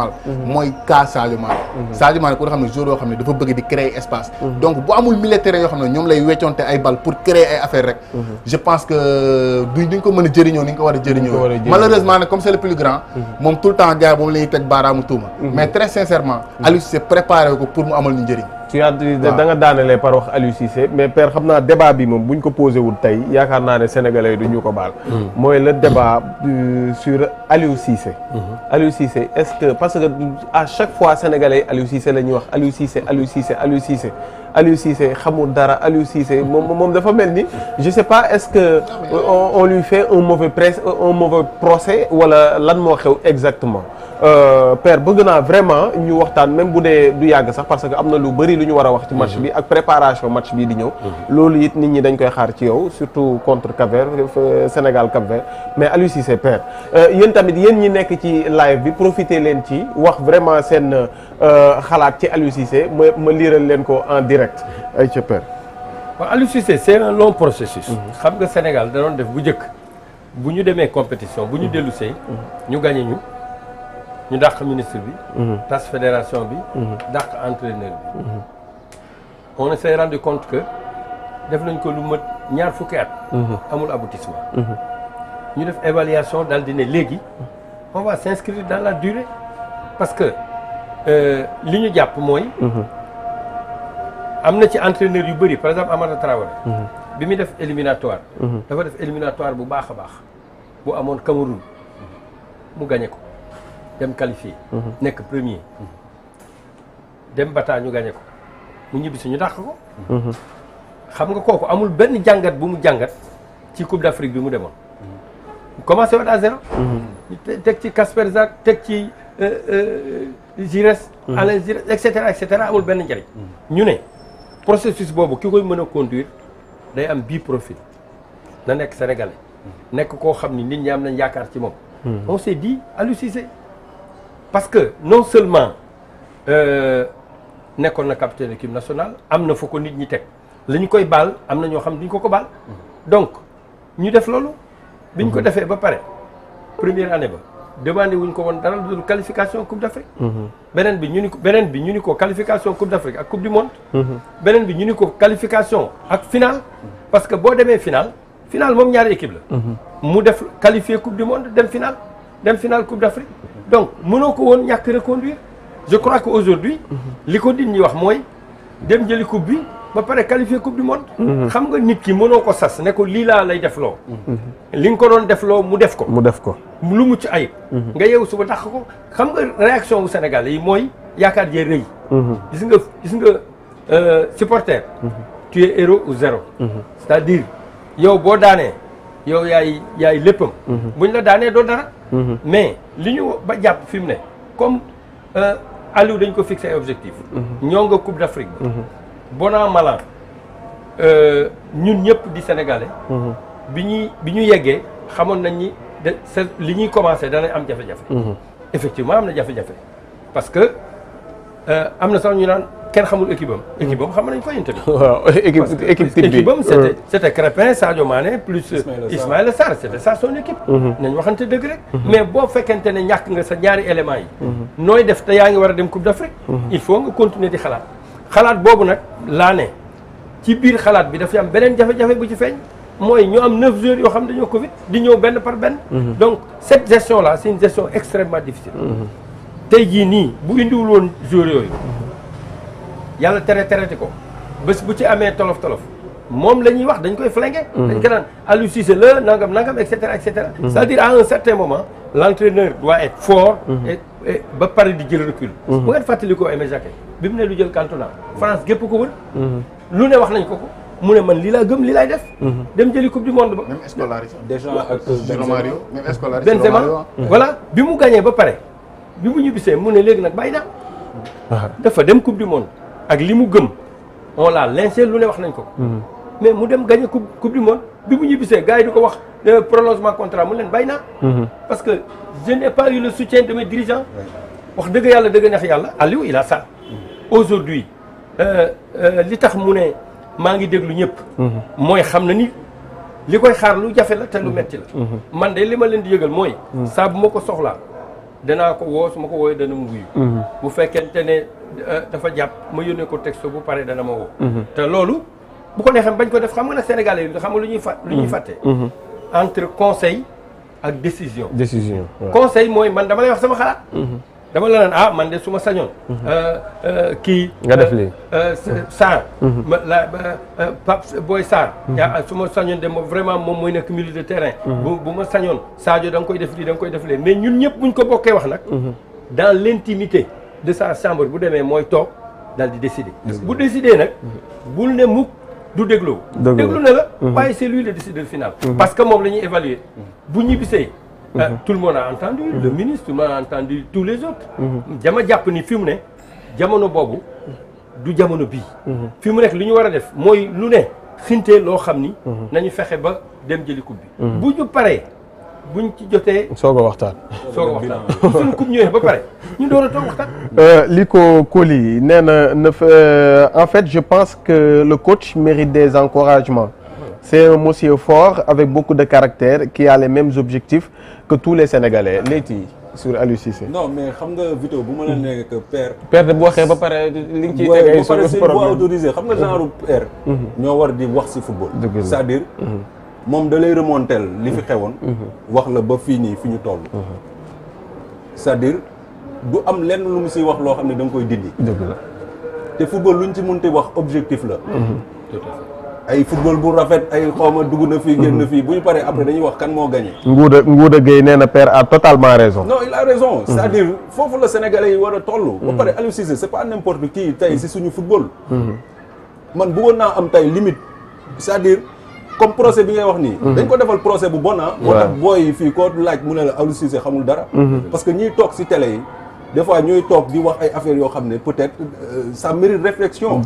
Mal. Mhm. mooy cas Sadio Mané. Mhm. Sadio Mané ku nga xam ne joueur yoo xam ne dafa bëgg di créer espace. Mhm. donc bu amul militaire yoo xam ne ñoom lay weccoonte ay bal pour créer ay affaire rek. je pense que duñ duñ ko mën a jëriñoo ni ñu war a jëriñoo. malheureusement nag comme c'est plus grand. moom tout temps gars moom la teg baaraamu tuuma. mais très sincèrement. Aliou Cissé préparé ko pour mu amal ñu njëriñ. tu as ah. da nga daanelee par wax Aliou Cissé mais père xam naa débat bi moom bu ñu ko posé wul tey yaakaar naa ne sénégalais du ñu ko baal. Hmm. mooy le débat euh, sur Aliou Cissé. Hmm. Aliou Cissé est-ce que parce que à chaque fois sénégalais Aliou Cissé la ñuy wax Aliou Cissé Aliou Cissé Aliou Cissé Aliou Cissé xamul dara Aliou Cissé moom moom dafa mel ni je sais pas est-ce que on lui fait un mauvais presse un mauvais procès wala lan moo xew exactement. Euh, per bëgg naa vraiment ñu waxtaan même bu dee du yàgg sax parce que am na lu bëri lu ñu war a wax ci match bi ak préparation match bi di ñëw mhm. loolu it nit ñi dañ koy xaar ci yow surtout contre cap euh, Sénégal cap mais Aliou Cissé Père euh, tamit yéen ñi nekk ci live bi profiter leen ci wax vraiment seen xalaat ci Aliou Cissé ma ma liiral leen ko en direct mhm. ay ca Père waaw Aliou Cissé c'est un long processus mhm. xam nga Sénégal da doon def bu njëkk bu ñu demee compétition bu ñu dellusee ñu gagné ñu ñu dàq ministre bi. Mhm. tas fédération bi. Mhm. dàq entraîneur bi. on s'est rendu compte que def nañ ko lu mat ñaar fukki at. Mhm. amul aboutissement. ñu def évaluation daal di ne léegi on va s'inscrire dans la durée parce que euh, li ñu jàpp mooy. am na ci entraîneur yu bëri par exemple Amara Traoré. bi muy def éliminatoire. dafa def éliminatoire bu baax a baax bu amoon Cameroun mu gagné ko. dem qualifié. nekk premier. dem bataa ñu gañe ko mu ñibbi si ñu dàq ko. xam nga kooku amul benn jàngat bu mu jàngat ci coupe d'Afrique bi mu demoon. commencé woon à zéro. teg ci Kasper Zak teg ci euh, euh, Giresse. Alain Giresse et cetera et cetera amul benn njariñ. ñu ne processus boobu ki koy mën a conduire day am bii profil na nekk sénégalais. nekk koo xam ni nit ñi am nañ yaakaar ci moom. Hmm. on s'est dit Aliou parce que non seulement euh, nekkoon na capitaine équipe nationale am na fa ko nit ñi teg li ñu koy baal am na ñoo xam ne duñ ko ko baal. donc ñu def loolu. bi ñu ko mhm. defee ba pare première année ba demandé wuñ ko woon dara lu dul qualification coupe d' mhm. beneen bi ñu ni ko beneen bi ñu ni ko qualification coupe d' afrique ak coupe du monde. Mhm. beneen bi ñu ni ko qualification ak finale. parce que boo demee finale finale moom ñaari équipe la. mu def qualifier coupe du dem finale coupe d' Afrique donc mënoo ko woon ñàkk reconduire je crois que aujourd'hui li ko nit ñi wax mooy dem jëli coupe bi ba pare qualifié coupe du monde xam nga nit ki mënoo ko sas ne ko lii laa lay def loo li nga ko doon def loo mu def ko mu def ko lu mucc ay nga yeewu suba dàq ko xam nga réaction wu Sénégal yi mooy yaakaar jee rëy gis nga gis nga euh, supporter tu es héros ou zéro mhm. c'est-à-dire yow boo daanee yow yaay yaay léppam. Mhm. buñ la daanee doo dara. Mhm. mais li ñu ba jàpp fi mu ne comme euh, Aliou dañ ko fixe objectif. Mhm. ñoo nga Coupe d'Afrique ba. bon an mal an euh, ñun ñëpp di sénégalais. bi ñuy bi ñu yeggee xamoon nañ ni de li ñuy commencé danañ am jafe-jafe. effectivement am na jafe-jafe parce que euh, am na sax ñu naan. kenn xamul équipe am. équipe am xam nañ ko yéen tamit. waaw équipe équipe type bi équipe euh, Crépin Sadio Mané plus. Euh, Ismaïla Sarr c' était ça son équipe. Mhm. nañ waxante dëgg rek. Mhm. mais boo fekkente ne ñàkk nga sa ñaari éléments yi. Mhm. nooy def te yaa ngi war a dem Coupe d' Afrique. il faut nga continuer di xalaat. xalaat boobu nag laa ne ci biir xalaat bi dafay am beneen jafe-jafe bu ci feeñ. mooy ñoo am neuf joueurs yoo xam ne dañoo Covid di ñëw benn par benn. donc cette gestion là c' est une gestion extrêmement difficile. tey jii nii bu indiwul woon joueurs yooyu. yàlla tere tereti ko bés bu ci amee tolof tolof moom la ñuy wax dañ koy flinguer mhm. dañ ko naan Aliou Cissé la nangam nangam et cetera et cetera mhm. c'est-à-dire à un certain moment l'entraîneur doit être mhm. ba pare di jël recul bu ngeen fàttali ko Aimé Jacquet bi mu ne lu jël Cantona France gépp ko wër lu ne wax nañ ko ko mu ne man li laa gëm li laay def dem jëli coupe du monde ba même Scolari déjà ak Romario même Scolari Benzema voilà bi mu gagné ba pare bi mu ñibbisee mu ne léegi nag bàyyi naa ah. dafa dem coupe du monde ak li mu gëm on l'a lancé lu ne wax nañ ko. Hmm. mais mu dem gagné coupe coupe du moon bi mu ñibbisee gars yi di ko wax prolongement contrat mu leen bàyyi naa. Hmm. parce que je n'ai pas eu le soutien de mes wax dëgg yàlla dëgg neex yàlla Aliou il a ça. Hmm. aujourd'hui euh, euh, li tax mu ne maa ngi déglu ñëpp. mooy xam na ni li koy xaar lu jafe la te lu metti la. man de li ma leen di yëgal mooy. saa bu ma ko soxlaa danaa ko woo su ma ko woowee dana mu wuyu. bu ne. Euh, dafa jàpp ma yónnee ko texto bu pare dana ma woo. Mhm. te loolu bu ko neexee bañ ko def xam nga nag Sénégalais yi xam nga lu ñuy fa lu ñuy mhm. fàtte. Mhm. entre conseil ak décision. décision conseil mooy man dama wax sama xalaat. dama la naan ah man de su ma sañoon. Euh, euh, kii. nga def lii Sarr. ma la Pape Boy Sarr. yaa su ma sañoon de moom vraiment moom mooy nekk milieu de terrain. bu ma sañoon Sadio da koy def lii da koy def lee mais ñun ñëpp buñ ko bokkee wax nag. dans l' de sa chambre bu demee mooy toog daal di décider. bu décider nag bul ne mukk du déglu. déglu na la. Mhm. waaye c'est lui le décideur final. Mhm. parce que moom la ñuy évaluer. Mhm. bu ñibbisee. Ah, tout le monde a entendu le ministre tout le monde a entendu tous les autres. dama jàpp ni fi mu ne jamono boobu du jamono bii. fi mu nekk li ñu war a def mooy lu ne xinte loo xam ni. nañu fexe ba dem jëli coupe bi. bu ñu paree. buñ ci jotee. soog a waxtaan. soog a waxtaan li ko Koli nee na na euh, en fait je pense que le coach mérite des encouragements. c'est un monsieur fort avec beaucoup de caractère qui a les mêmes objectifs que tous les Sénégalais léegi sur Aliou Cissé. no mais xam nga Vito bu ma la nee que père. de bu waxee ba pare li nga ciy bu autorisé xam nga genre mhm. père. Mhm. ñoo war di wax si football. c'est-à-dire. Mhm. moom da lay remontel li fi mm-hmm. xewoon. Mm-hmm. wax la ba fii nii fi ñu toll. Mm-hmm. c'est-à-dire du am lenn lu mu siy wax loo xam ne da koy dindi. dëgg la te football luñ ci mënti wax objectif la. ay football bu rafet ay xawma dugg na fii génn fii bu ñu paree après dañuy wax kan moo gagné. Nguuda Nguuda Gueye nee na père a totalement raison. non il a raison. c' dire foofu la sénégalais yi war a toll. ba pare Aliou Cissé c' est pas tey si suñu football. man bëggoon naa am tey limite c' dire. comme procès bi ngay wax nii. Mhm. dañ ko defal procès bu bon ah. moo tax booy fii koo laaj mu ne la Aliou Cissé xamul dara. Mhm. parce que ñiy toog si tele yi. des fois ñooy toog di wax ay affaires yoo xam ne peut-être euh, ça mérite réflexion.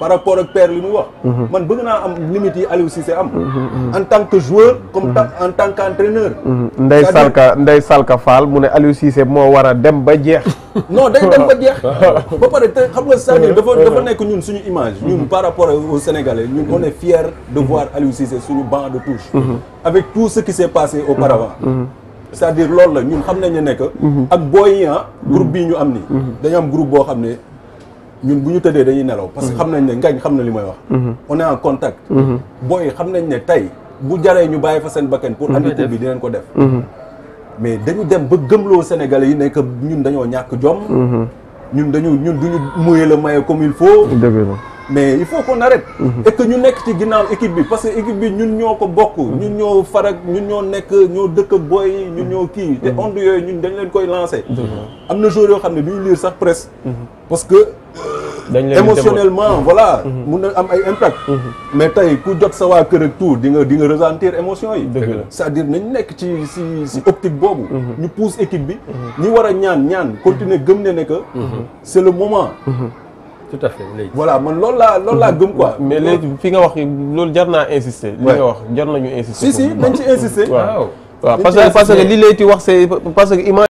par rapport ak père lu muy wax. Mhm. man bëgg naa am limite yi Aliou Cissé am. Mhm, mhm. en tant que joueur. comme en tant qu'entraîneur. Ndeye Salka Ndeye Salka Fall mu ne Aliou Cissé moo war a dem ba jeex. non day dem ba jeex. ba pare te xam nga c'est-à-dire dafa nekk ñun suñu image. ñun par rapport aux Sénégalais ñun on est fiers de voir Aliou Cissé suñu banc de touche. avec tout ce qui s'est passé auparavant. c'est-à-dire loolu la ñun xam nañ ne que. Mhm. ak booy ah, mhm. groupe bii ñu am ni mhm. dañu am groupe boo xam ne ñun bu ñu tëddee dañuy nelaw. parce que xam nañ ne ngañ xam na li may wax. on est en contact. booy xam nañ ne tey bu jaree ñu bàyyi fa seen bakken pour amitié bi dinañ ko def. mais dañu dem ba gëmloo sénégal yi nekk ñun dañoo ñàkk jom. ñun dañu ñun duñu muyee la maye comme il faut. mais il faut qu'on arrête mhm. et que ñu nekk ci ginnaaw équipe bi parce que équipe bi ñun ñoo ko bokk mhm. ñun ñoo farak ñun ñoo nekk ñoo dëkk ak booy yi ñun mhm. ñoo kii te onde yooyu ñun dañ leen koy lancé am na joueurs yoo xam ne duñu liir sax presse parce que émotionnellement voilà mun na am ay impact mais tey ku jot sa waa kër ak tout di nga di nga ressentir émotion yi c'est-à-dire nañ nekk ci si si optique boobu ñu pousse équipe bi ñi war a ñaan ñaan continuer gëm ne ne que c'est le moment tout a fait léegi. voilà man loolu laa loolu laa gëm quoi. mais léegi fi nga wax loolu jar naa insister. li nga wax jar nañu insister. si si nañ ci insister. waaw parce que li lay ti wax c'est parce que image.